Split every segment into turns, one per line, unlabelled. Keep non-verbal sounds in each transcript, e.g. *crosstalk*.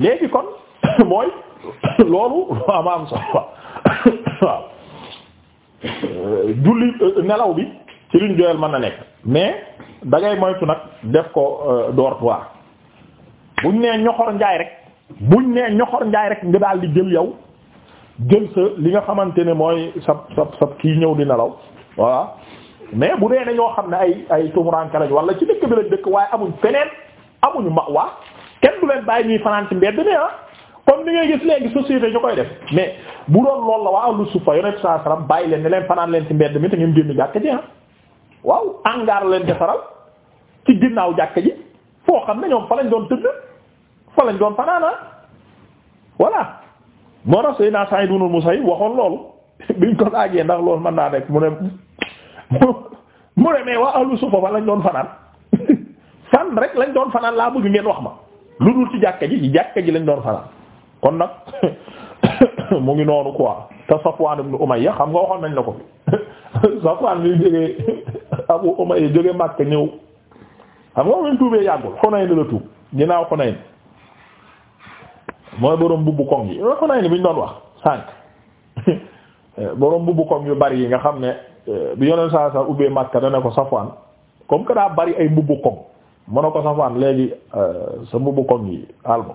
léegi kon *coughs* mooy *coughs* loolu *coughs* ama am sax waaw julli euh, nelaw bi ci luñ joyal mën na nekk mais da ngay moytu nag def ko euh, dortoir buñ nee ñoxor njaay rek buñ nee ñoxor njaay rek nga daal di jël yow jël sa li nga xamante ne mooy sab sab sab kii ñëw di nelaw voilà mais bu nee ne ñoo xam ne ay ay tumuraankalañ wala ci dëkk bi lañ dëkk waaye amuñ feneen amuñu ma waa kenn du leen bàyyi ñuy fanaan ci mbedd mi ah comme ni ngay gis léegi société ñu koy def mais bu doon loolu la waaw lu sufa yonent saa salaam bàyyi leen ne leen fanaan leen ci mbedd mi te ngeen génn jàkk ji ah waaw angaar leen defaral ci ginnaaw jàkk ji foo xam ne ñoom fa lañ doon tëdd fa lañ doon fanaan ah voilà moo tax Seydina mu ibn Musayyib waxoon loolu *laughs* biñ ko laajee ndax lool man naa nekk mu ne *laughs* mu ne mais waa ahlu sufa fa lañ doon fanaa *laughs* fan rek lañ doon fanaan laa bëgg ngeen wax ma lu dul ci jàkka ji ci jàkka ji lañ doon fanaan kon nag *coughs* mu ngi noonu quoi te Safwan ibn Umayya xam nga waxoon nañ la ko *coughs* Safwan mi jógee *coughs* Abu jógee Makka ñëw xam nga waxuñ tuubee yàggul Hunayn la tuub ginnaaw Hunayn mooy borom mbubb koŋ yi Hunayn bi ñu doon wax sànq borom bubbu koŋ yu bari yi nga xam ne eh, bi yoneen saa saa ubbee Makka dana ko Safwan comme que daa bari ay bubbu koŋ mu ne ko safwaan léegi euh, sa mbubu ko yi *laughs* alma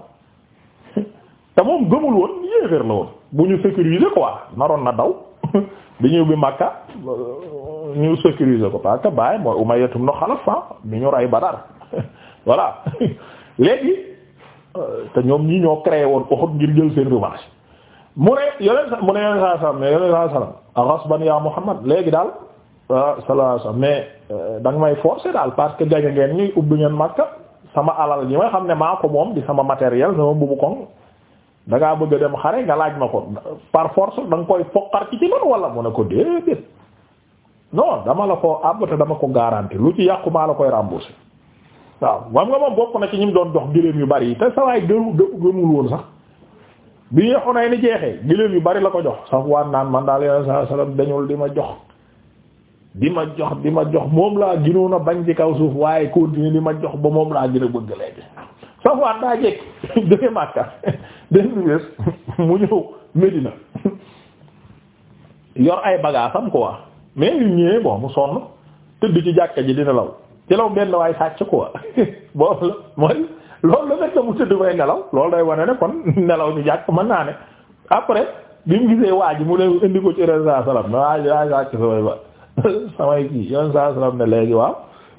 te moom gëmul woon yéeféer la woon bu ñu sécuriser quoi naroon na daw *laughs* bi ñëw bi Makka euh, ñu sécuriser ko parce que bàyyi mooy umayyatum no xalaf fa ah, bi ñu rey Badar *laughs* voilà léegi euh, te ñoom ñi ñoo créé woon ko ngir jël seen revanche mu ne yoneen mu ne yoneen saa salaam ne yoneen saa salaam aghasban ya Muhammad léegi daal Ah, salaasa mais euh, da nga may forcer daal parce que jaga ngeen ñuy ubbi ngeen Makka sama alal yi ma xam ne maa ko moom di sama matériel sama bubu ko da ngaa bëgg a dem xare nga laaj ma ko par force da nga koy foqar ci ci man wala mu ne ko déedéet non dama la ko àbb te dama ko garanti lu ci yàqu maa la koy rembourser waaw moom nga moom bokk na ci ñi mu doon jox gëléem yu bari yi te sawaay gëmu gëmul woon sax bi yeexu nay ni jeexee gëléem yu bari la ko jox sax waan naan man daal yonen saa di ma jox di ma jox di ma jox moom laa gënoon a bañ ci kaw suuf waaye continuer di ma jox ba moom laa gën a bëgg léegi Safwaan daa jekk jóge *laughs* Makka benn bés *laughs* *laughs* mu ñëw Medina yor ay bagaasam quoi mais yu ñëwee bon mu sonn tëdd ci jàkka ji dina law ci law benn waaye sàcc quoi boobu la mooy loolu la fekk mu tëdd fay nelaw loolu day wane ne kon nelaw ñu jàkk mën naa ne après bi mu gisee waa ji mu ne indi ko ci Rasul sallam na waaj waaj sàcc sa way ba *laughs* samay kii yoon saa salaam ne léegi waaw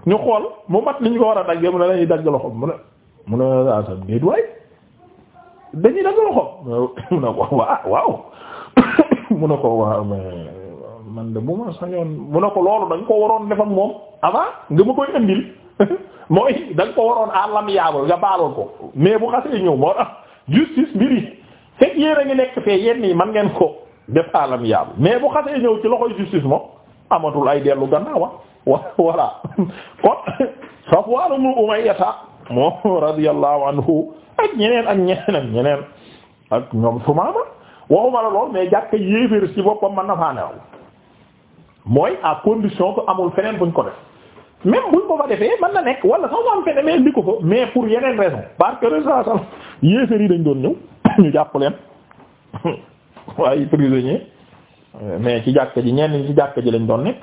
ñu xool mu mat ni ñu ko war a daggee mu ne dañuy dagg loxo mu ne mu a saa salaam déet waay ko *laughs* waaw waaw *coughs* mu ne ko waaw mais man de bu ma sañoon mu ne ko loolu da nga ko waroon def moom avant nga ma koy indil *laughs* mooy da ko waroon àllam yaabal nga baaloon ko mais bu xasee ñëw moo tax justice mbiri fekk yéen a ngi nekk fee yenn yi man ngeen ko def àllam yaabal mais bu xasee ñëw ci loxoy justice moom. amatul ay dellu gannaawa ah. voilà kon Safwaan ibn Umayyata moo radiyallahu anhu ak ñeneen ak ñeneen ak ñeneen ak ñoom Sumaama waxuma la lool mais jàkk yéeféer ci boppam man na faa nelaw mooy à condition que amul feneen buñ ko def même buñ ko fa defee man na nekk wala sax mu am feneen mais ko fa mais pour yeneen raison parce que raison sax yéeféer yi dañ doon ñëw ñu jàpp leen *laughs* waaye prisonnier mais ci jàkka ji ñenn ñi ci jàkka ji lañ doon nekk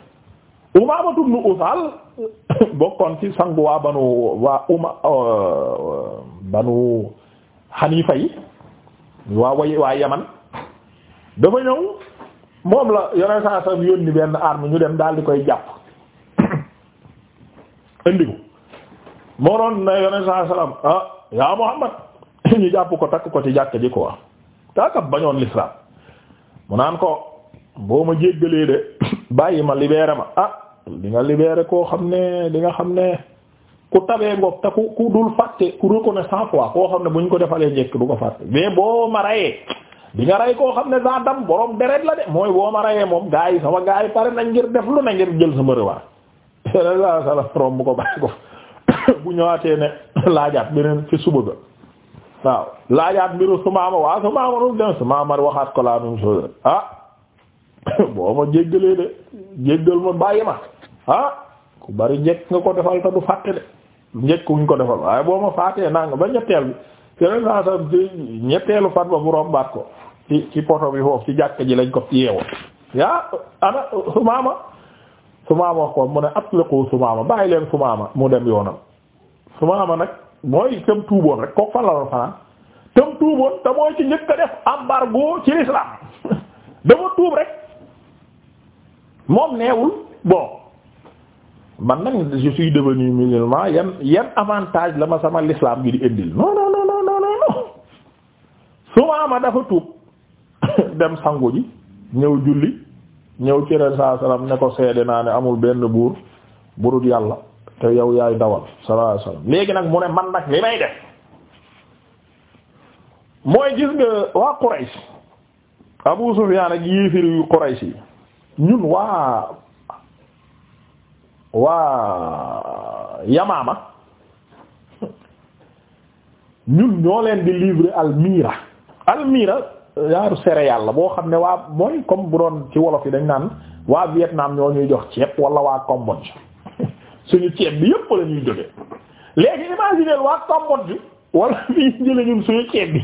Umaamatu ibn Usaal *coughs* bokkoon ci sangu waa banu waa uma euh, banu Hanifa yi waa way waa Yaman dafa ñëw moom la yoneen saa sam yónni benn arme ñu dem daal di koy jàpp *coughs* indi ko moo doon na yoneen saa salaam ah yaa Muhammad *coughs* ñu jàpp ko takk ko ci jàkka ji quoi taakab bañoon l'islam mu naan ko boo ma jéggalee de *coughs* bàyyi ma libéré ma ah di nga libéré koo xam ne di nga xam ne ku tabee ngoog te ku ku dul fàtte ku reconnaissant quoi koo xam ne bu ñu ko defalee njëkk du ko fàtte mais boo ma rayee di nga rey koo xam ne saa dam borom deret la de mooy boo ma rayee moom gaa yi sama gaa pare na ngir def lu na ngir jël sama rewaat yeneen saa sala borom bu ko bàyyi ko *coughs* bu ñëwaatee ne *coughs* laajaat beneen ci suba ga waaw laajaat mbiru sumaama waa sumaama nu waxaat ko la *coughs* boo ma jéggalee de jéggal ma bàyyi ma ah ku bari njëkk nga ko defal te du fàtte de njëkk wuñ ko defal waaye boo ma fàttee naa ba ñetteel bi yeneen saa sa ñetteelu fat ba bu rombaat ko ci poto bi foofu ci jàkk ji lañ ko yeewo yaa ana sumaama sumaama wax ko mu ne atliqu sumaama bàyyi leen sumaama mu dem yoonam sumaama nag mooy tam tuuboon rek kook fan la doon fanaan tam tuuboon te mooy ci njëkk a def embargo ci l'islam *laughs* dama tuub rek moom neewul bon man nag je suis musulman yan yan avantage la ma sama l'islam gi di indil non non non non non non dafa tuub *coughs* dem sangu ñëw julli ñëw ci ren saa salaam ne ko seede naa ne amul benn buur burut yàlla te yow yaay dawal sallallahu léegi nag mu ne man nag li may def mooy gis nga waa Quraysh Abu Sufyaan ak yéefir yu Quraysh yi. ñun waa waa yamaama ñun ñoo leen di livrer almira almira yaaru céréale la boo xam ne waa mooy comme bu doon ci wolof yi dañ naan waa Vietnam ñoo ñuy jox ceeb wala waa Cambodge *laughs* suñu ceeb bi yëpp la ñuy jógee léegi imaginer waa Cambodge wala *laughs* fii jële ñun suñu ceeb bi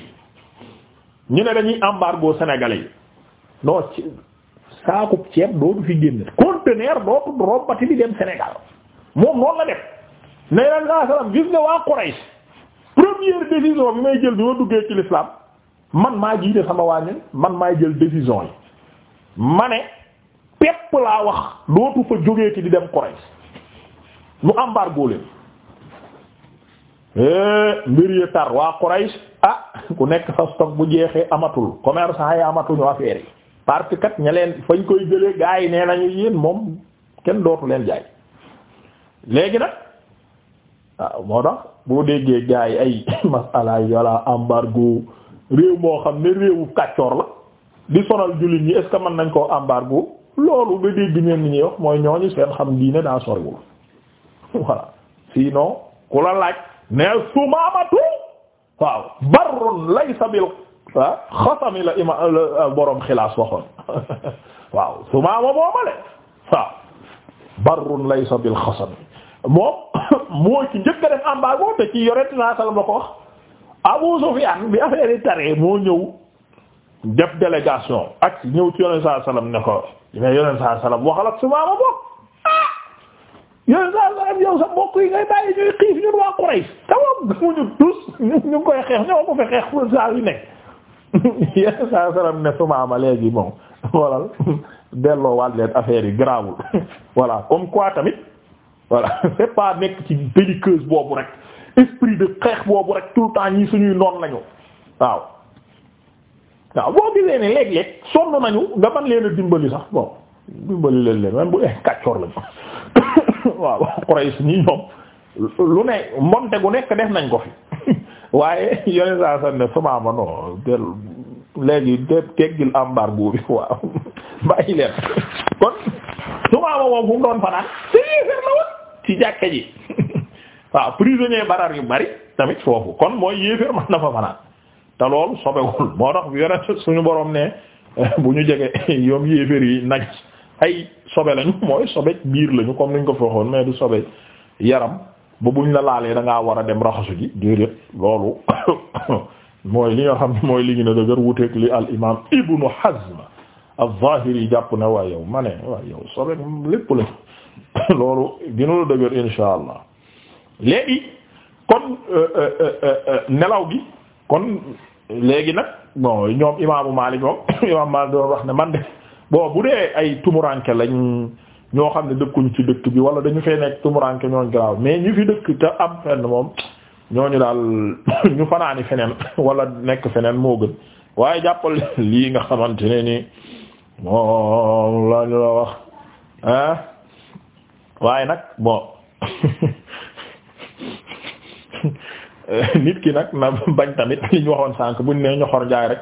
ñu ne dañuy embargo sénégalais yi non saakub ceeb dootu fi génn conteneur dootu robbati di dem Sénégal moom noonu la def ne leen salaam gis nga waa Quraysh première décision bi may jël bi ma duggee ci l'islam man maa jiite sama waa man maay jël décision yi ma ne pepp laa wax dootu fa jógeeti di dem Quraysh mu embargo leen eh, mbir yi tar waa Quraysh ah ku nekk sa stock bu jeexee amatul commerçant yi amatuñu affaire yi parce que kat ña leen fañ koy jëlee gaa nee nañu yéen moom kenn dootu leen jaay léegi nag waaw moo tax boo déggee gaa yi ay *coughs* masala walla embargo réew moo xam ne réewu kàccoor la di sonal jullit ñi est ce que nañ koo embargo loolu nga dégg ñeen ñi wax mooy ñooñu seen xam diine daa soriwul *laughs* voilà sinon ku la laaj ne sumaamatu waaw barrun laysa bil ah xasami la ima borom xilaas waxoon *laughs* waaw sumaama boobale waaw barrun laysa bil xasami moom *coughs* moo ci njëkk a def embargo te ci yoreti naa salam la ko wax Abu Sufyan bi affaire taree moo ñëw def délégation ak ñëw ci yoneen saa salam ne ko mais yoneen saa salam waxal ak sumaama boog ah yoneen saa salam yow sa mbokk yi ngay bàyyi ñuy xiif ñun waa Quraysh tawam mu ñu tus ñu ngi koy xeex ñoo ko fi xeex pour nekk *laughs* yenn saa salaam ne sumaama léegi bon voilà delloo waat leen affaire yi grawul *laughs* voilà comme quoi tamit voilà *laughs* c'est pas nekk ci belliqueuse boobu rek esprit de xeex boobu rek tout le temps ñii suñuy noon lañu waaw waaw boo gisee ne léeg-léeg sonn nañu nga man leen dimbali sax bon dimbali leen leen man bu ee kàccoor lañu *coughs* waaw Quraysh ñi ñoom lu ne mbonte gu nekk def nañ ko fi waaye yeneen saa sax ne sama ma non del léegi de teggil embargo bi waaw bàyyi leen kon sama ma moom doon fanaan ci yéefeer la woon ci jàkka ji waaw prisonnier barar yu bari tamit foofu kon mooy yéefeer man na fa fanaan te loolu sobewul moo tax yeneen suñu borom ne *laughs* bu ñu jege yoom yéefeer yi nag ay sobe lañu mooy sobe biir lañu comme niñ ko fi waxoon du sobe yaram ba ñu la laalee da ngaa war a dem raxasu ji déedéet loolu *coughs* mooy li nga xam ne mooy li gën a dëgër wuteek li al imaam Ibnu Hazm az-Zahiri jàpp na waa yow ma ne waa yow sobe lépp la *coughs* loolu gënul dëgër insha allah léegi kon euh, euh, euh, nelaw gi kon léegi nag bon ñoom imaamu Maalik moom *coughs* imaamu Maalik doon wax ne man de bon bu dee ay tumuraanke lañ ñoo xam ne dëkkuñ ci dëkk bi wala dañu fay nekk tumuranke ñooñ garaaw mais ñu fi dëkk te am fenn moom ñooñu daal *coughs* ñu fanaani feneen *coughs* wala nekk feneen moo gën waaye jàppal *coughs* lii nga xamante ne ni moom wax ah waaye nag bon nit ki nag na bañ tamit li ñu waxoon sànq buñ nee ñoxor njaay rek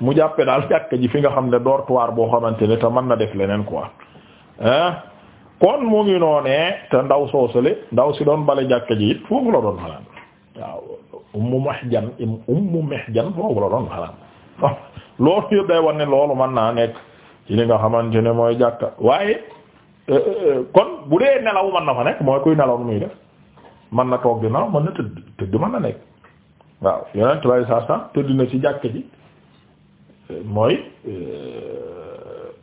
mu jàppe daal jàkk ji fi nga xam ne door dortoir boo xamante ne te mën na def leneen quoi kon mu ngi noonee te ndaw soosale ndaw si doon bale jàkka ji it foofu la doon xanaan waaw ummu mihjan ummu mihjan foofu la doon xanaan *laughs* loolu yëpp day wane loolu mën naa nekk ci li nga xamante ne mooy jàkka waaye euh, euh, kon bu dee nelaw mën na fa nekk mooy kuy nelaw nu muy def mën na toog di nelaw mën na tëdd tëdd mën na nekk waaw yeneen tubaab saa saa tëdd na ci jàkka ji euh, mooy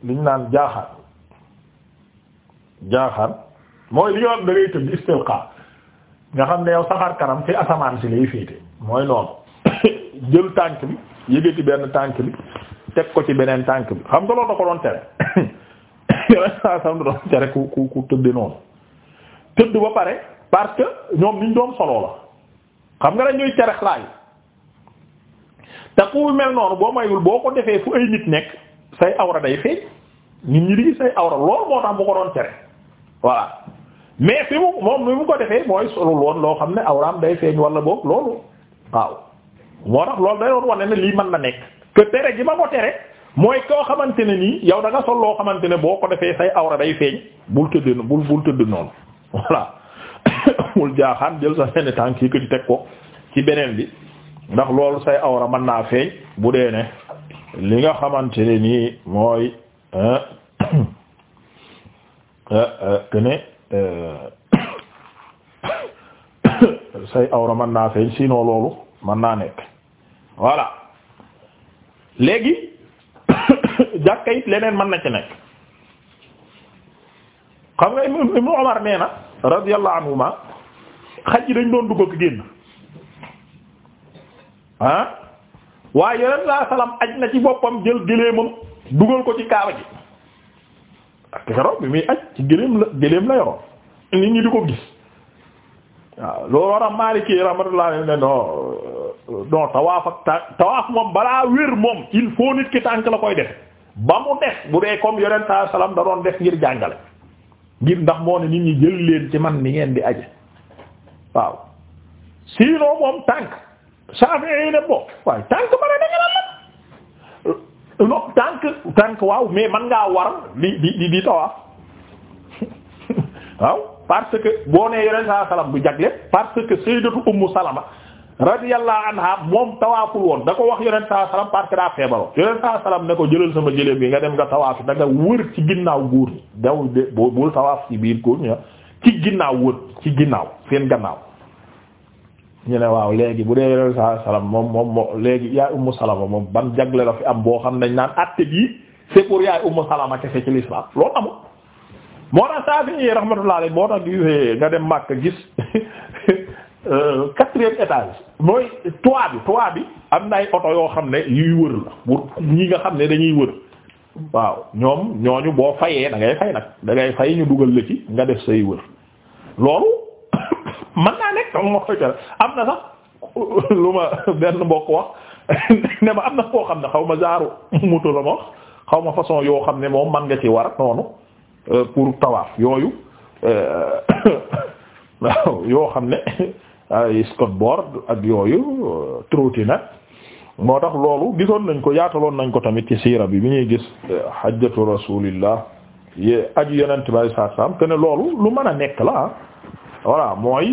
liñ naan jaaxaat. jaaxaan mooy li yoon da ngay tëb istilqa nga xam ne yow saxaar kanam fi asamaan si lay féete mooy noonu *coughs* jël tànk bi yëgati benn tànk bi teg ko ci beneen tànk bi xam nga loolu da ko doon tere *coughs* yeneen ba pare parce que ñoom niñ doon la xam nga dañuy tere xalaat yi te ku mel noonu boo mayul boo ko defee fu ay nit nekk say awra day feeñ nit ñi di say awra loolu moo tax bu ko doon tere voilà mais fi mu moom mi mu ko defee mooy solul woon loo xam ne awraam day feeñ wala boog loolu waaw moo tax loolu day doon wane ne lii man na nekk que tere gi ma ko tere mooy koo xamante ne nii yow da nga sol loo xamante ne boo ko defee say awra day feeñ bul tëdd bul bul tëdd noonu *laughs* voilà *coughs* bul jaaxaan jël sa benn tànk yi ko di teg ko ci beneen bi ndax loolu say awra mën naa feeñ bu dee ne li nga xamante ne nii mooy *coughs* te ne euh, *coughs* say awra man naa feeñ sinon loolu mën naa nekk voilà léegi *coughs* jàkka it leneen man na ci nekk xam nga Ibnu Umar nee na radiyallahu anhuma xaj yi dañ doon dugg ak génn ah waaye yeneen saa salaam aj na ci boppam jël géléemam dugal ko ci kaaba ji ak keroog bi muy aj ci gëléem la gëléem la yoroon nit ñi di ko gis waaw loolu war a Maliki rahmatullah ne euh, non tawaaf ak tawaaf moom balaa wér moom il faut nit ki tànk la koy def ba mu def bu dee comme yonent saa salaam da doon def ngir jàngale ngir ndax moo ne nit ñi jël leen ci man ni ngeen di aje waaw sinon moom tànk Shafi'i ne bo waaye tànk ba la danga la non tànk tànk waaw mais man ngaa war di di di tawaaf *laughs* waaw parce que boo nee yonent saa salaam bu jagle parce que sayyidatu ummu salama radiyallahu anha moom tawaaful woon da ko wax yonent saa salaam parce que daa feebaroo yonent saa salaam ne ko jëlal sama jëleem bi nga dem nga tawaaf da nga wër ci ginnaaw góor ñi daw de bul tawaaf ci biir góor ñi ah, ci ginnaaw wër ci ginnaaw seen gannaaw ñu ne waaw léegi bu dee yoneen saa salaam moom moom moo léegi yaay ummu salama moom ban jagle la fi am boo xam ne naan atte bi c'est pour yaay ummu salama kese ci l'islam loolu amul moo tax Saafi yi rahmatullah dem Makka gis *laughs* euh, quatrième étage na ay oto yoo xam ne yuy wër la pour ñi nga xam ne dañuy wër waaw ñoom ñooñu boo fayee da ngay fay nag da fay ñu dugal la ci nga def say wër loolu man naa nekk am na sax lu ma benn mbokk wax *laughs* ne ma am na koo xam ne xaw ma zaaru moto la ma wax xaw ma façon yoo xam ne moom man nga ci war noonu euh, pour tawaaf yooyu waaw euh, *coughs* xam ne ay skateboard ak yooyu euh, trottinette moo tax loolu gisoon nañ ko yaataloon nañ ko tamit ci siira bi bi ñuy gis hajjatu rasulillah ye aju yonent bi sallallahu alayhi wasallam ne loolu lu mën a nekk la ah. voilà mooy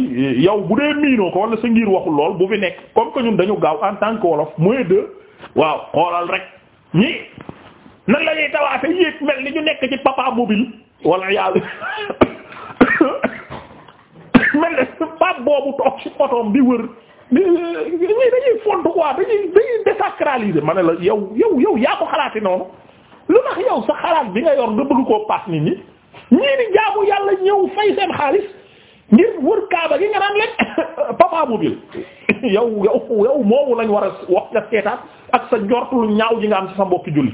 yow bu dee miinoo ko wala sa ngiir waxul lool bu fi nekk comme que ñun dañu gaaw en tant que wolof mooy de waaw xoolal rek ñii nan la tawaate yéeg mel ni nekk ci papa mobile wala yàlla *coughs* mel ne pap boobu toog ci bi wër dañuy font quoi dañuy dañuy désacraliser ma yow yow yow yaa ko xalaate noonu lu tax yow sa xalaat bi nga yor bëgg koo paas nit ñi ñii ni jaamu yàlla ñëw fay seen xaalis ngir wër kaaba gi nga naan leen *coughs* papa mobile *coughs* yow yow yow moomu lañ war a wax nga seetaat ak sa njortulu ñaaw ji nga am ci sa mbokki julli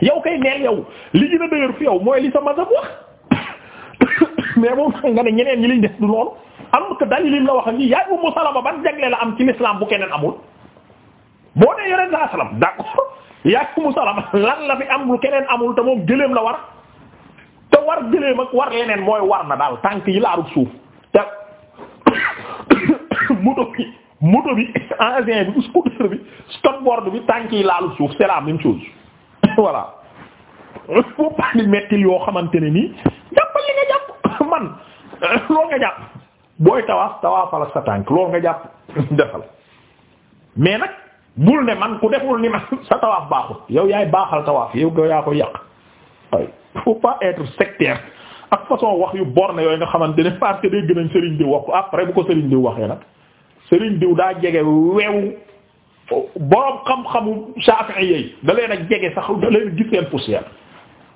yow kay neel yow li gën a dëgër fi yow mooy li sa mazhab wax *coughs* mais moom nga ne ñeneen ñi liñ def du loolu am que dalil lim la wax ni yaay Ummu Salama ban jagle la am ci l'islam bu keneen amul boo nee yoneen saa salaam d'accord yaay Ummu Salama lan la fi am lu keneen amul te moom gëléem la war te war gëléem ak war leneen mooy war na daal tànk yi laaru suuf te *coughs* moto bi moto bi *coughs* engin bi scooter bi bi tànk yi laaru suuf c'est la même chose *coughs* voilà faut pas li mettil yoo xamante ne nii jàppal li nga jàpp man loolu nga jàpp booy tawaaf tawaafal ak sa tànk loolu nga jàpp defal mais nag bul ne man ku deful ni man sa tawaaf baaxul yow yaay baaxal tawaaf yow yaa koy yàq waaye faut pas être sectaire ak façon wax yu borne yooyu nga xamante ne parce que dégg nañ Serigne Diw wax ko après bu ko Serigne Diw waxee nag Serigne Diw daa jege weewu boroom xam-xamu Shafi'i yi da leen a jege sax da leen gis seen poussière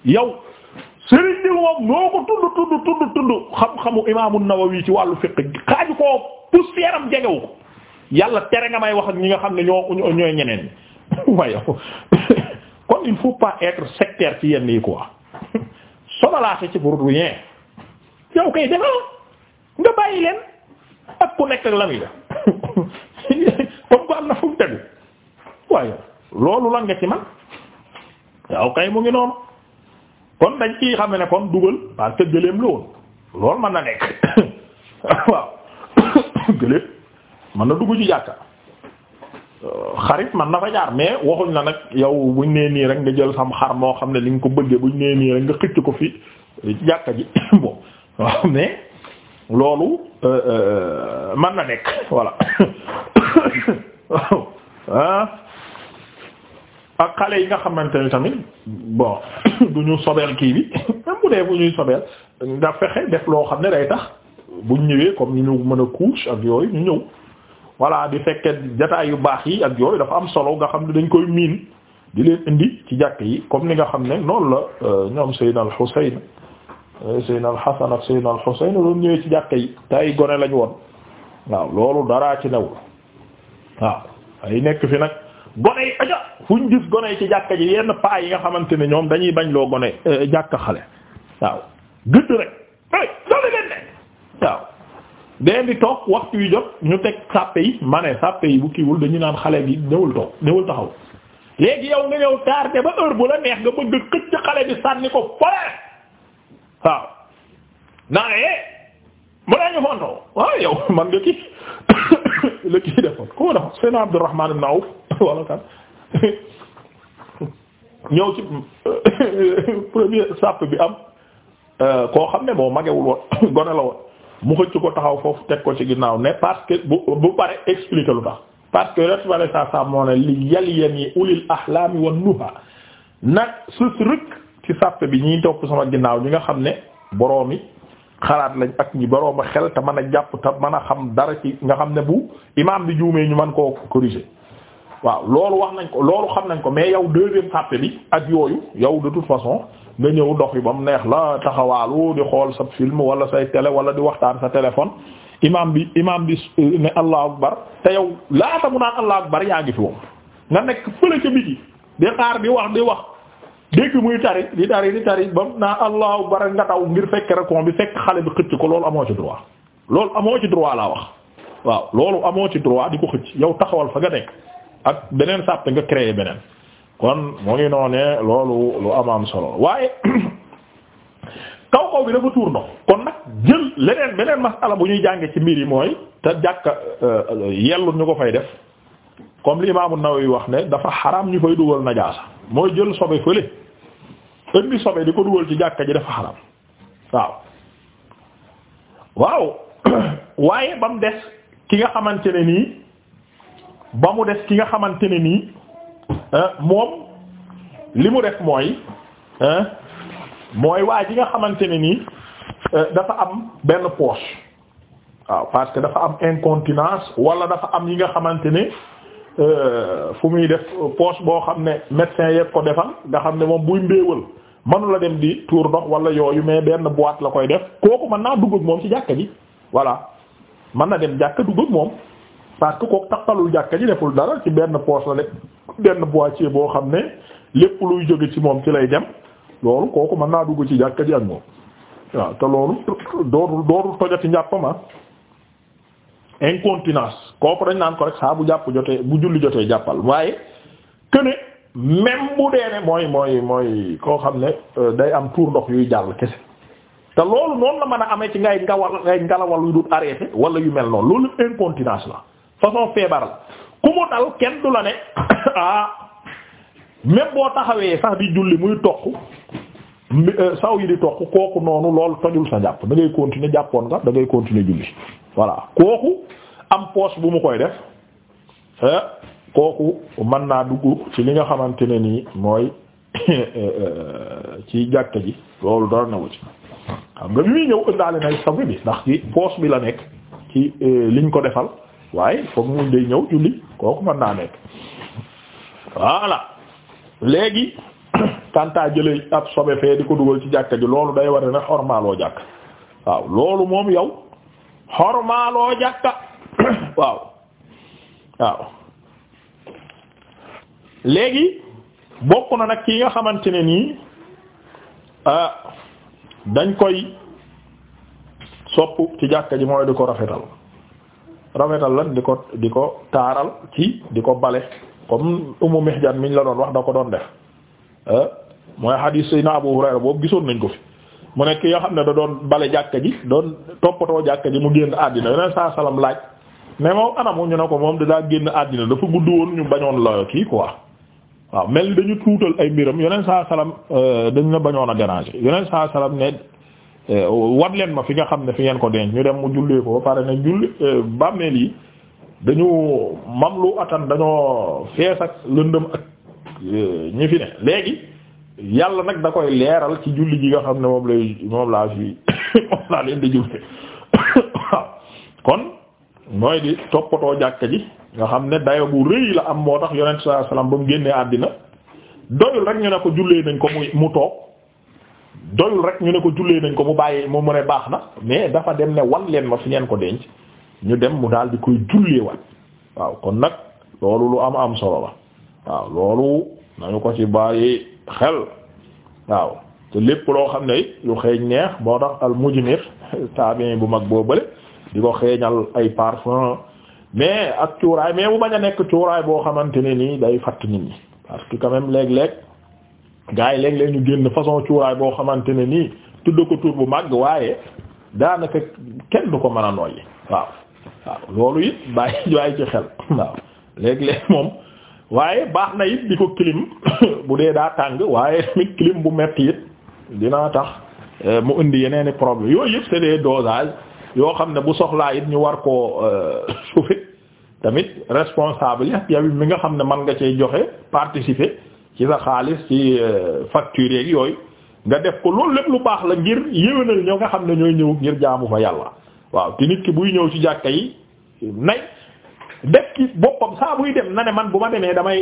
yow Serigne Diw moom noo ko tudd tudd tudd tudd xam-xamu imaamu Nawawi ci wàllu fiqh xaaju koo poussière am jegewu ko yàlla tere nga may wax ak ñi nga xam ne ñoo ñooy ñeneen *laughs* waaye *laughs* kon il faut pas être sectaire ci yenn yi quoi *laughs* sonalaate ci pour rien yow kay defal nga bàyyi leen ak ku nekk la muy def *laughs* comme ko am na fu mu tegu waaye loolu lan nga ci man yow kay mu ngi noonu kon dañ ciy xam ne kon dugal parce que gëléem la woon loolu na nekk *laughs* waaw *coughs* gëléem mën na dugg ci jàkka. xarit man na fa jaar mais waxuñ la nag yow buñ nee nii rek nga jël sam xar moo xam ne li nga ko bëggee buñ nee nii rek nga xëcc ko fi ci jàkka ji *laughs* bon mais loolu euh, euh, man na nekk voilà ah *coughs* ak xale yi nga xamante ni tamit bon *coughs* du ñu sobeel kii bi *coughs* même bu dee bu ñuy sobeel nga fexe def loo xam ne day tax buñ ñëwee comme ñu mën a couche ak yooyu ñu ñëw voilà di fekke jataay yu baax yi ak yooyu dafa am solo nga xam ne dañ koy miin di leen indi ci jàkk yi comme ni nga xam ne noonu la euh, ñoom Seydina al Xuseyn euh, Seydina al Xasan ak Seydina al Xuseyn doon ñëwee ci jàkk yi te ay gone lañ woon waaw loolu daraa ci newul waaw ay nekk fi nag gone yi aja fu ñu gis gone yi ci jàkka ji yenn paa yi nga xamante ne ñoom dañuy bañ loo gone euh, jàkk xale waaw gëdd rek day di toog waxtu yu jot ñu teg sàppe yi ma ne sàppe yi bu kiiwul dañu naan xale bi ñëwul toog newul taxaw léegi yow nga ñëw tardé ba heure bu la neex nga bëgg xëcc xale bi sànni ko fële waaw naa eh mën naa ñu fontoo waaw yow man nga kii *coughs* la kii defoon ku ma defoon Seydina Abdourahman ibn Awf *laughs* wala kan *coughs* ñëw ci *coughs* premier sàpp bi am euh, koo xam ne boo magewul woon gone la woon. mu xëcc ko taxaw foofu teg ko ci ginnaaw ne parce que bu bu pare expliquer lu tax parce que ret a sa sa moo ne li yal yen yi ulil ahlaami wan nuha nag sus rëkk ci sàppe bi ñiy topp sama ginnaaw ñi nga xam ne boroomi xalaat lañ ak ñi borooma xel te mën a jàpp te mën a xam dara ci nga xam ne bu imaam bi juumee ñu mën koo corriger waaw loolu wax nañ ko loolu xam nañ ko mais yow deuxième sàppe ak yooyu yow de toute façon nga ñëw dox yi ba mu neex la taxawaalu di xool sa film wala say télé wala di waxtaan sa téléphone imam bi imam bi ne allahu akbar te yow laata mu naan allahu akbar yaa ngi fi woon nga nekk fële ca biti di xaar di wax di wax dégg muy tari di tari di tari ba mu naan allahu bar nga taw ngir fekk rekon bi fekk xale bi xëcc ko loolu amoo ci droit loolu amoo ci droit laa wax waaw loolu amoo ci droit di ko xëcc taxawal fa nga nekk ak beneen sàpp nga créer beneen kon moo ngi noonee loolu lu amaam solo waaye *clears throat* kaw kaw bi dafa tuur ndox kon nag jël leneen beneen masala bu ñuy jàngee ci mbir yi mooy te jàkka euh, yellut ñu ko fay def comme li imaamu Nawawi wax ne dafa xaram ñu koy dugal najaasa mooy jël sobe fële indi sobe di ko dugal ci jàkka ji dafa xaram waaw waaw *clears throat* waaye ba mu des ki nga xamante ne nii ba mu def ki nga xamante ne nii eh, moom li mu def mooy eh, mooy waa ji nga xamante ne nii eh, dafa am benn poche waaw parce que dafa am incontinence wala dafa am yi nga xamante ne fu muy def poche boo xam ne médecin yëpp ko defal nga xam ne moom buy mbéewal mënu la dem di tour ndox wala yooyu mais benn boîte la koy def kooku mën naa dugg ak moom ci jàkka ji voilà mën na dem jàkka dugg moom parce que kooku taqalul jàkka ji deful dara ci benn poche la rek benn boîtier boo xam ne lépp luy jóge ci moom ci lay dem loolu kooku mën naa dugg ci jàkka ji ak moom waaw te loolu dootul dootul tojati njàppam ma ah. incontinence kooku dañ naan ko rek saa bu jàpp jotee bu julli jotee jàppal waaye këne même bu dee ne mooy mooy mooy koo xam ne euh, day am tuur ndox yuy jàll kese te loolu noonu la mën a amee ci ngay ngawal ngay ngalawal yu dul arrêté wala yu mel noonu loolu façon feebar la ku mu dal kenn du la ne *coughs* ah même boo taxawee sax di julli muy toq euh, saw yi di toq kooku noonu loolu tojul sa jàpp da ngay continuer jàppoon nga da ngay continuer julli voilà kooku am poche bu mu koy def kooku man naa dugg ci li nga xamante ne nii mooy *coughs* euh, euh, ci jàkka ji loolu dara nawu ci xam nga bi muy ñëw ëndaale nay sawi bi ndax ci poche bi la nekk ci liñ ko defal waaye foog mu day ñëw julli kooku mën naa nekk voilà léegi *coughs* kantaa jële ab sobe fee di ko dugal ci jàkka ji loolu day waree ne xormaaloo jàkk waaw loolu moom yow xormaaloo jàkka *coughs* waaw waaw léegi bokk na nag ki nga xamante ne nii ah, dañ koy sopp ci jàkka ji mooy di ko rafetal rafetal lan di ko di ko taaral kii di ko bale comme Ummu mi ñu la doon wax da ko doon def euh, mooy hadis Seydina Abu Hurayra boobu gisoon nañ ko fi mu nekk yoo xam ne da doon bale jàkka ji doon toppatoo jàkka ji mu génn àddina yeneen saa salaam laaj mais moom anamu ñu ne ko moom da daa génn àddina dafa gudd woon ñu bañoon la kii quoi waaw mel ni dañu tuutal ay mbiram yeneen saa salaam euh, dañ la bañoon a déranger yeneen saa salaam ne. Euh, wat leen ma fi nga xam ne fi ngeen ko denc ñu dem mu jullee ko ba pare ne julli euh, bàmmeel yi dañu mamlu atan dañoo fees ak lëndëm ak euh, ñi fi ne léegi yàlla nag da koy leeral ci julli ji nga xam ne moom lay moom laa fi *coughs* moom laa leen di julli waaw *coughs* kon mooy di toppatoo jàkka ji nga xam ne dayo bu rëy la am moo tax yonent sallallahu alayhi ba mu génnee àddina doyul rek ñu ne ko jullee nañ ko muy mu toog doyul rek ñu ne ko jullee nañ ko mu bàyyi mu mu ne baax na mais dafa dem ne wan leen ma fi ngeen ko denc ñu dem mu daal di koy jullee wat waaw kon nag loolu lu am am solo la waaw loolu nañu ko ci bàyyi xel waaw te lépp loo xam ne lu xeeñ neex moo tax al mujmir *laughs* taabin bu mag boo bële di ko xeeñal ay parfum mais ak cuuraay mais bu bañ a nekk cuuraay boo xamante ne nii day fatt nit ñi parce que quand même léeg-léeg gars yi léeg-léeg ñu génn façon cuuraay boo xamante ne nii tudd ko tur bu màgg waaye daanaka kenn du ko mën a noyyi waaw waaw loolu it bàyyi *laughs* bàyyi ci xel waaw léeg-léeg moom waaye baax na it di ko clim *coughs* bu dee daa tàng waaye tamit bu metti it dinaa tax euh, mu indi yeneen i problème yooyu yëpp c'est des dosages yoo xam ne bu soxlaa it ñu war ko euh, suufit *coughs* tamit responsable yi yow mi nga xam ne man nga cee joxe participer ci sa xaalis ci euh, facture yeeg yooyu nga def ko loolu lépp lu baax la ngir yéwénal ñoo nga xam ne ñooy ñëw ngir jaamu fa yàlla waaw te nit ki buy ñëw ci jàkka yi nay def ki boppam saa buy dem na ne man bu ma demee damay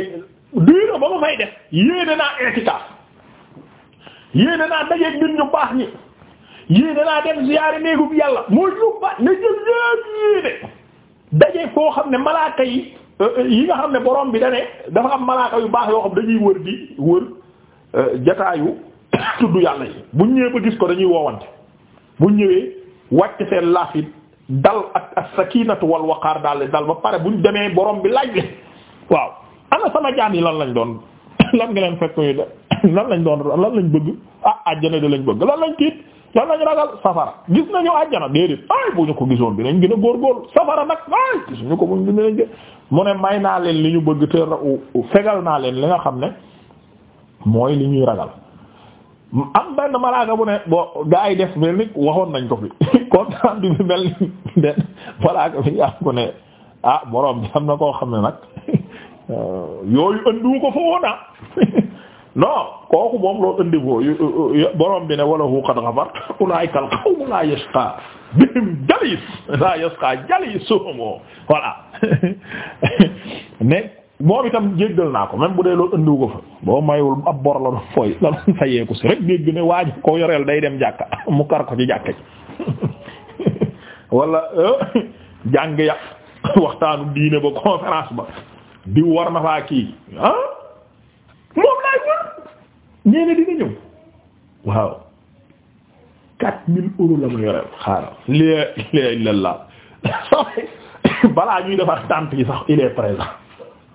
durée ba ma fay def yéene naa itikaaf yéene naa dajeeg nit ñu baax ñi yéene naa dem ziyaare néegub yàlla mooy ñu baax na yéene dajeeg foo xam ne malaaka yi Euh, yi nga xam ne borom bi da dafa am malaaka yu baax yoo xam dañuy wër di wër euh, jataayu *coughs* tudd yàlla yi buñ ñëwee ba gis ko dañuy woowante buñ ñëwee wàcc seen laafit dal ak ak sakinatu wal waqaar daal dal ba pare buñ demee borom bi laaj le waaw ana sama jaan yi lan lañ doon *coughs* lan nga leen fekk de *coughs* lan lañ doon lan lañ bëgg ah àjjana di lañ bëgg lan lañ tiit lan lañ ragal safara gis nañu àjjana déedéet ay bu ñu ko gisoon dinañ gën a góorgóorlu safara nag ay gisuñu ko buñ dinañ gën mu ne may naa leen li ñu bëgg te fegal naa leen li nga xam ne mooy li ñuy ragal am benn malaaka bu ne bo gaa yi def mel ni waxoon nañ ko fi *laughs* kontaan bi mel ni *laughs* benn malaaka bi yaa ko ah, na koo xam ne nag *laughs* euh, yooyu ëndiwu ko fa ah. non kooku moom loolu ëndiboo borom bi ne wala hu qad ghafar ulaa'ikal qawmu laa yashqaa bihim jalis laa yashqaa jalisuhum voilà ne *laughs* moom itam jéggal naa ko même bu dee loolu ëndiwu ko fa boo mayul ab bor la doon fooy la doon fayeeku si rek dégg ne waaj ko yoreel day dem jàkka *laughs* mu kar ko ci jàkka ji *laughs* wala euh, jàng ya waxtaanu diine ba conférence ba di war na faa kii ah moom laay wër nee dina ñëw waaw quatre mille euros la ma yoreel xaaral lii lii la la *laughs* balaa ñuy defar tànt yi sax il est présent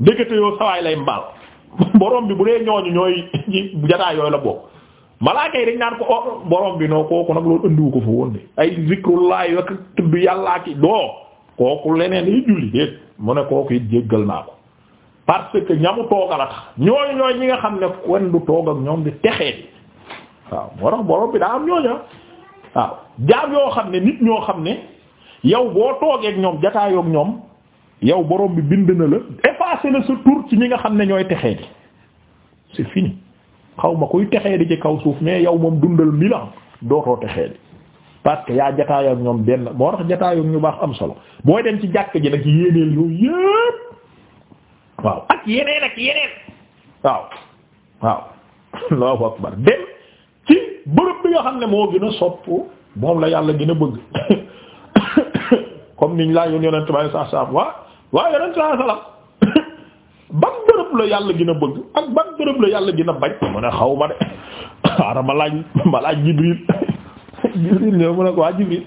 dëkkate yoo sawaay lay mbaal *laughs* borom bi bu dee ñooñu ñooy jataa yooyu la bokk malaaka yi dañ naan ko o oh, borom bi noo kooku nag loolu andiwu ko fa woon de ay zikrullahi ak tudd doo kooku leneen yi julli déet mu ne kooku it jéggal naa ko parce que ñamu toogal a tax ñooñu ñooy ñi nga xam ne kenn du toog ak ñoom di texee bi waaw moo tax borom bi daa am ñooña ah. waaw jaam yoo xam ne nit ñoo xam ne yow boo toogeek ñoom jataayook ñoom yow borom bi bind na la effacé na sa tur ci ñi nga xam ne ñooy texe di c'est fini xaw ma kuy texe di ci kaw suuf mais yow moom dundal milan dootoo texee di parce que yaa jataayook ñoom benn moo tax jataayook ñu baax am solo booy dem ci jàkk ji nag yéeneel yooyu yépp waaw ak yeneen ak *laughs* dem ci bërëb bi nga xam ne moo gën a sopp moom la yàlla gën a bëgg *laughs* comme niñ laa yoon yonent bi saa saam waa waa yonent saa salaam *coughs* ban bërëb la yàlla gën a bëgg ak ban bërëb la yàlla gën a bañ mu ne ma *coughs* ma laaj ma laaj Jibril *coughs* ko waa Jibril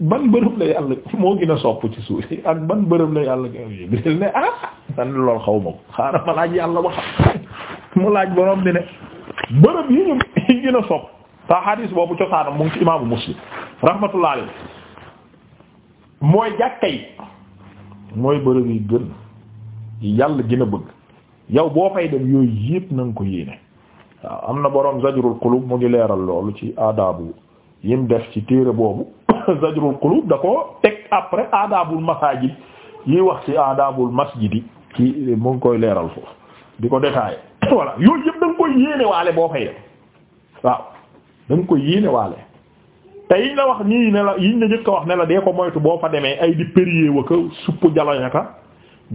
ban bërëb la yàlla moo gën a sopp ci suuf si ak ban bërëb la yàlla gën a Jibril ne ah man lool xaw ma xaaral ma laaj yàlla ba xam mu laaj borom bi ne bërëb yi ñu gën a sopp ta hadis boobu cosaanam mu ngi ci imaamu Muslim rahmatullahi alayhi mooy jàkka yi mooy bërëb yi gën yàlla gën a bëgg yow boo fay dem yooyu yépp na nga ko yéene waaw am na boroom zajrul qulub mu ngi leeral loolu ci aadaabu yim def ci téere boobu *coughs* zajrul qulub da ko teg après aadaabul masaajid yi wax ci aadaabul masjidi ci mu ngi koy leeral foofu di ko détaillé *coughs* voilà yooyu yépp da nga koy yéene waale boo fay dem waaw da nga koy yéene waale te yiñ la wax ñii ne la yiñ la njëkk wax ne la dee ko moytu boo fa demee ay di périer wa ko suppu jaloñaka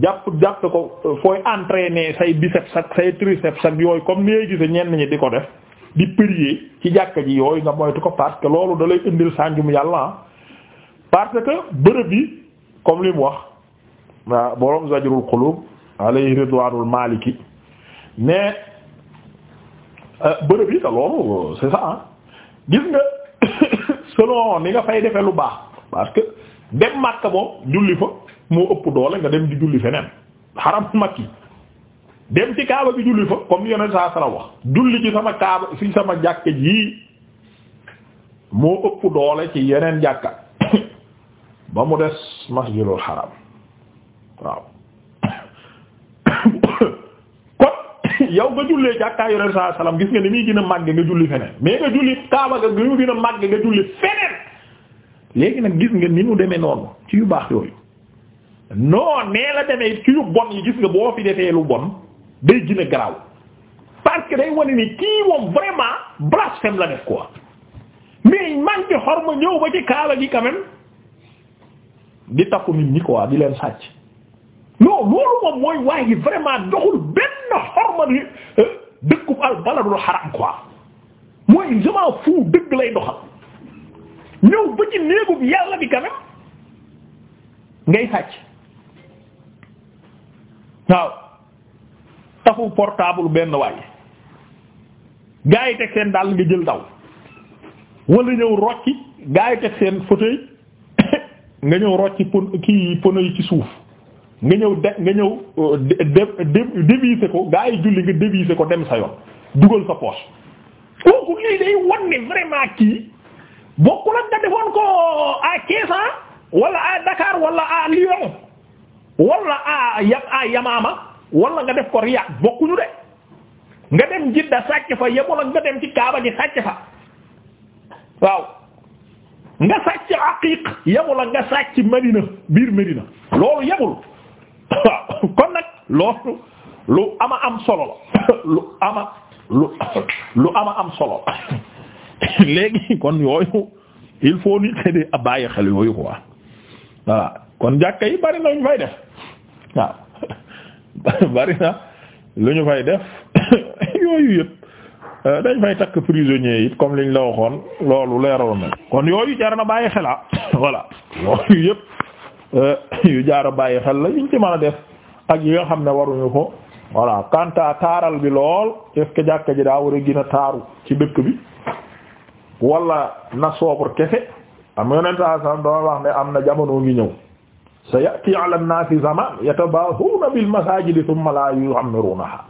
jàpp jàpp ko euh, fooy entraîner say biceps ak say triceps ak yooyu comme ni ngay gise ñenn ñi di ko def di prier ci jàkka ji yooyu nga moytu ko parce que loolu da lay indil sànjum yàlla ah. parce que bërëb yi comme li mu wax waa borom zajrul qulub alayhi ridwanul maliki mais euh, bërëb yi te loolu c'est ça ah. gis nga selon ni nga fay defe lu baax parce que dem Makka moom julli fa moo ëpp doole nga dem di julli feneen xaram makki dem ci kaaba bi julli fa comme ni yoneen saa sala wax julli ci sama kaaba ci sama jàkka ji moo ëpp doole ci yeneen jàkka *coughs* ba mu des masjidul xaram waaw yow nga jullee jàkkaay yonent saa salaam gis nga ni muy gën a màgg nga julli feneen mais nga julli kaaba ga nga gën a màgg nga julli feneen léegi nag gis nga ni mu demee noonu ci yu baax yooyu non nee la demee ci yu bon yi gis nga boo fi defee lu bon day gën a garaaw parce que day wane ni kii moom vraiment blasphème la def quoi mais man ci xorma ñëw ba ci kaaba gi quand même di takku nit ñi quoi di leen sàcc. loolu moom mooy waa yi vraiment doxul benn xorma bi euh, dëkkub al baladul haram quoi mooy je m'en dëgg lay doxal ñëw ba ci néegub yàlla bi quand ngay sàcc waaw tafu portable benn waay gaa yi teg seen daal nga jël daw wala ñëw rocci gaa yi teg seen fauteuil *coughs* nga ñëw rocci pon kii pneu yi ci suuf nga ñëw de nga ñëw euh, de dévisser ko gaa yi julli nga dévisser ko dem sa yoon dugal sa poche kooku lii day wan ne vraiment kii bokkul ak nga defoon ko à Thiès ah, wala à Dakar wala à Lyon wala à yam à nga def ko Riyad bokkuñu de nga dem Jidda sàcc fa yemul ak nga dem ci Kaaba gi sàcc fa waaw nga sàcc aqiq yemul ak nga sàcc Medina biir Medina loolu yemul. waaw *coughs* kon nag loolu lu ama am solo la *coughs* lu ama lu *coughs* lu ama am solo la léegi kon yooyu il faut nit te di bàyyi xel yooyu quoi voilà kon jàkka yi bari na lu ñu fay def waaw bari na lu ñu fay def yooyu yëpp euh, dañ fay takk prisonniers yi comme liñ la waxoon loolu leeroon na kon yooyu jar na bàyyi xelaa ah voilà yooyu yëpp Euh, *laughs* yu jaara bàyyi xel la yuñ ci mën a def ak yi nga xam ne waruñu ko voilà kanta taaral bi lool est-ce que ji daa war a gën a taaru ci dëkk bi wala na soobre kese am yonent sa sam wax ne am na jamono ngi ñëw sa yati ala an-naasi zaman yatabaahuuna bil masaajidi thumma laa yu'ammiruunahaa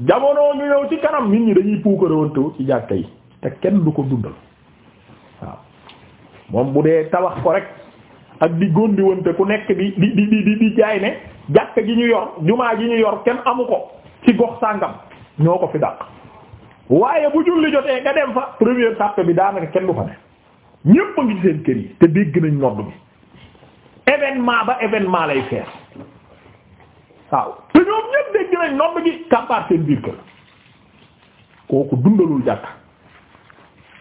jamono ngi ñëw ci kanam nit ñi dañuy puukarewantu ci jàkka yi te kenn du ko dundal waaw moom bu dee tabax ko rek ak di gondiwante ku nekk di di di di di jaay ne jàkk ji ñu yor jumaa ji ñu yor kenn amu ko ci gox sàngam ñoo ko fi dàq waaye bu julli jotee nga dem fa première sàpp bi daanaka kenn lu fa ne ñépp a ngi seen kër yi te dégg nañ nodd bi événement ba événement lay fees waaw te ñoom ñépp dégg nañ nodd gi kàmpaar seen biir kooku dundalul jàkk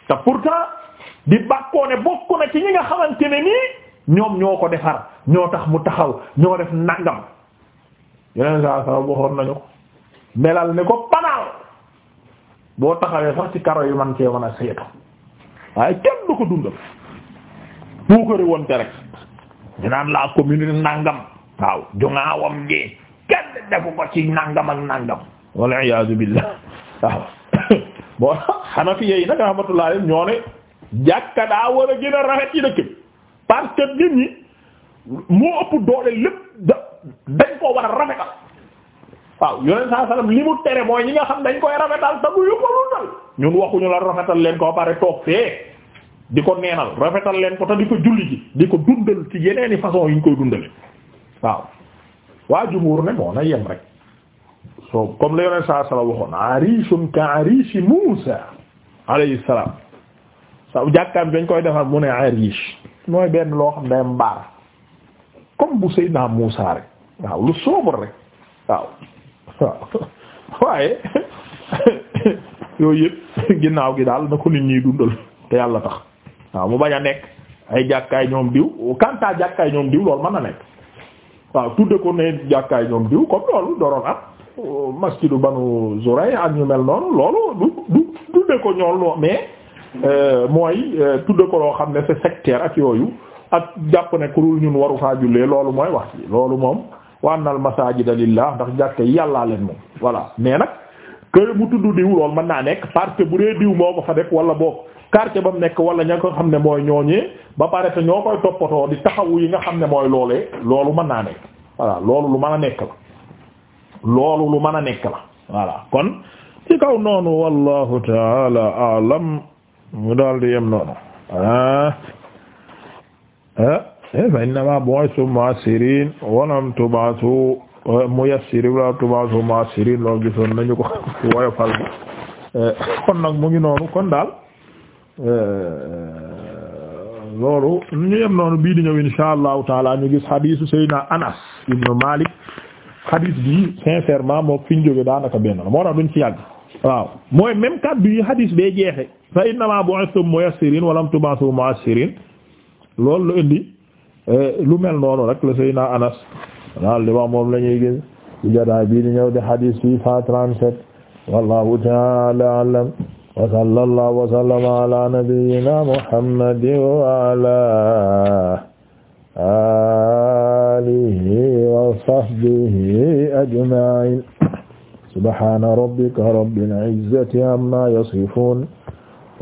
te pourtant di bàkkoo ne bokk na ci ñi nga xamante ne nii ñoom ñoo ko defar ñoo tax mu taxaw ñoo def nangam yeneen saa saa waxoon nañu melal ne ko panaal boo taxawee sax ci karo yi man cee mën a seetu waaye kenn du ko dundal puukari woon te naan la commune nangam waaw joŋaawam gi kenn defu ko ci nangam ak nangam walla iyaazu billaah waaw *coughs* boo Hanafi yi nag rahmatullahi ñoo ne jàkka daa war a gën a rafet ci dëkk parce que nit ñi moo ëpp doole lépp da dañ koo war a rafetal waaw yoneen saa salaam li mu tere mooy ñi nga xam dañ koy rafetal te bu yóbbalu dal ñun waxuñu la rafetal leen ko pare toog fee di ko neenal rafetal leen ko te di ko julli ji di ko dundal ci geneeni façon yi ñu koy dundale waaw waa jumhur ne moo na yem rek so comme la yoneen saa salaam waxoon arishun ka arishi Musa alayhi jàkkaam dañ koy defar mu ne arish mooy benn loo xam day mbaar comme bu Seydina Muusaa rek waaw lu soobar rek waaw *laughs* waaye *laughs* yooyu yëpp *laughs* ginnaaw gi daal na ko nit ñiy dundal te yàlla tax waaw mu bañ a nekk ay jàkkaay ñoom diw kantaa jàkkaay ñoom diw loolu mën na nekk waaw tudde ko ne jàkkaay ñoom diw comme loolu doroon am uh, masjidu banu Zuray ak ñu mel noonu loolu du du tudde ko ñool mais Euh, mooy euh, tudde ko loo xam ne c'est sectaire ak yooyu ak jàpp ne kurul ñun waru faa jullee loolu mooy wax ci loolu moom wa annal masajida lillah ndax jàkke yàllaa leen moom voilà mais nag kër bu tudd diw loolu mën naa nekk parce que bu dee diw moo ko fa def wala boog quartier ba mu nekk wala ña xam ne mooy ñooñee ba pare te ñoo koy toppatoo di taxawu yi nga xam ne mooy loolee loolu mën naa nekk voilà loolu lu mën a nekk la loolu lu mën a nekk la voilà kon ci kaw noonu wallahu taala alam mu daal di yem noonu ah ah eh, fa innama bu'ithtum mu'assirin wa lam tub'athu muyassirin wa lam tub'athu mu'assirin loolu gisoon nañu ko woyofal eh, kon nag mu ngi noonu kon daal eh, loolu ñu yem noonu bii di ñëw insha allahu taala ñu gis hadisu Seydina Anas ibnu Malik hadis bi sincèrement moo fi ñu jóge daanaka benn la moo tax duñ ci yàgg waaw mooy même kàddu yi hadis bee jeexe fa innama bu'ithtum muyassirin wa lam tub'athu mu'assirin loolu lu indi eh, lu mel noonu rek la Seydina Anas daal di wax moom la ñuy gis ci jotaay bii di ñëw di hadis six cent trente-sept wallahu ta'ala a'lam wa sallallahu wa sallama ala nabiyyina muhammadin wa ala alihi wa sahbihi ajma'in subhana rabbika rabbil izzati amma yasifun